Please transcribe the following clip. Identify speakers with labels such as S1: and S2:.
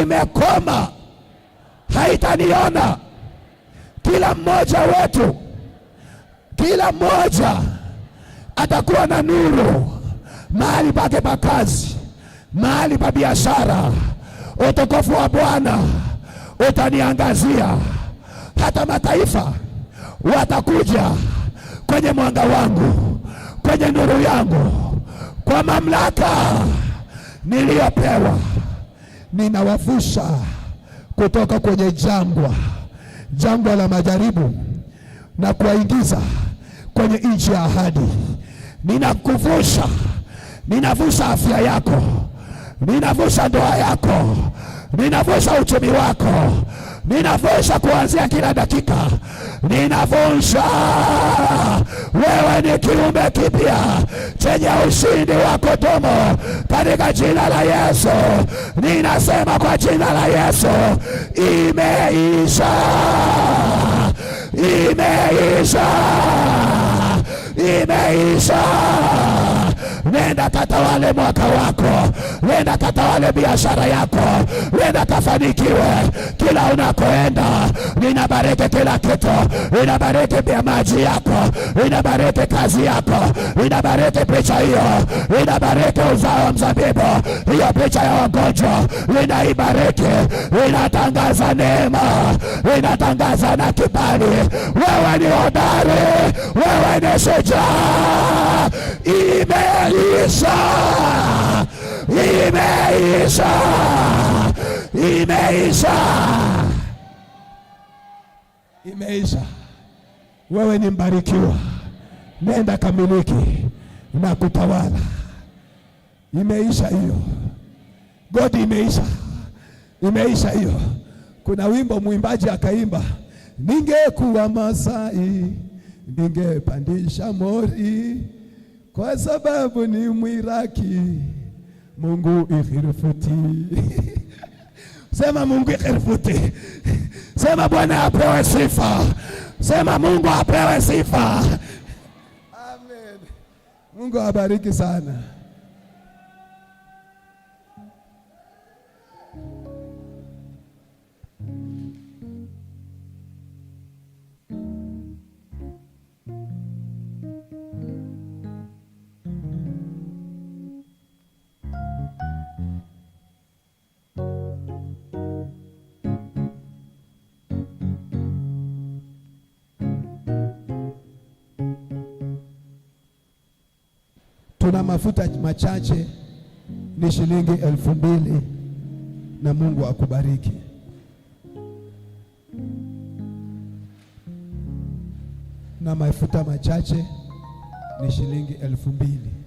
S1: nimekoma, haitaniona. Kila mmoja wetu, kila mmoja atakuwa na nuru mahali pake pa kazi, mahali pa biashara. Utukufu wa Bwana utaniangazia, hata mataifa watakuja kwenye mwanga wangu, kwenye nuru yangu, kwa mamlaka niliyopewa ninawavusha kutoka kwenye jangwa, jangwa la majaribu na kuwaingiza kwenye nchi ya ahadi. Ninakuvusha, ninavusha afya yako, ninavusha ndoa yako, ninavusha uchumi wako ninavunja kuanzia kila dakika, ninavunja. Wewe ni kiumbe kipya chenye ushindi wa kudumu katika jina la Yesu. Ninasema kwa jina la Yesu, imeisha, imeisha, imeisha Nenda katawale mwaka wako, nenda katawale biashara yako, nenda kafanikiwe kila unakoenda. Ninabariki kila kitu, ninabariki pia maji yako, ninabariki kazi yako, ninabariki picha hiyo, ninabariki uzao mzabibu, hiyo picha ya wagonjwa ninaibariki, ninatangaza neema, ninatangaza na kibali. Wewe ni hodari, wewe ni shujaa imeisha, imeisha, imeisha, imeisha. Wewe ni mbarikiwa, nenda kamiliki na kutawala. Imeisha hiyo godi, imeisha, imeisha hiyo. Kuna wimbo mwimbaji akaimba, ningekuwa Masai ningepandisha mori kwa sababu ni mwiraki Mungu ikhirifuti sema Mungu ikhirifuti sema Bwana apewe sifa sema Mungu apewe sifa. Amen. Mungu abariki sana. Tuna mafuta machache, ni shilingi elfu mbili na Mungu akubariki. Na mafuta machache ni shilingi elfu mbili.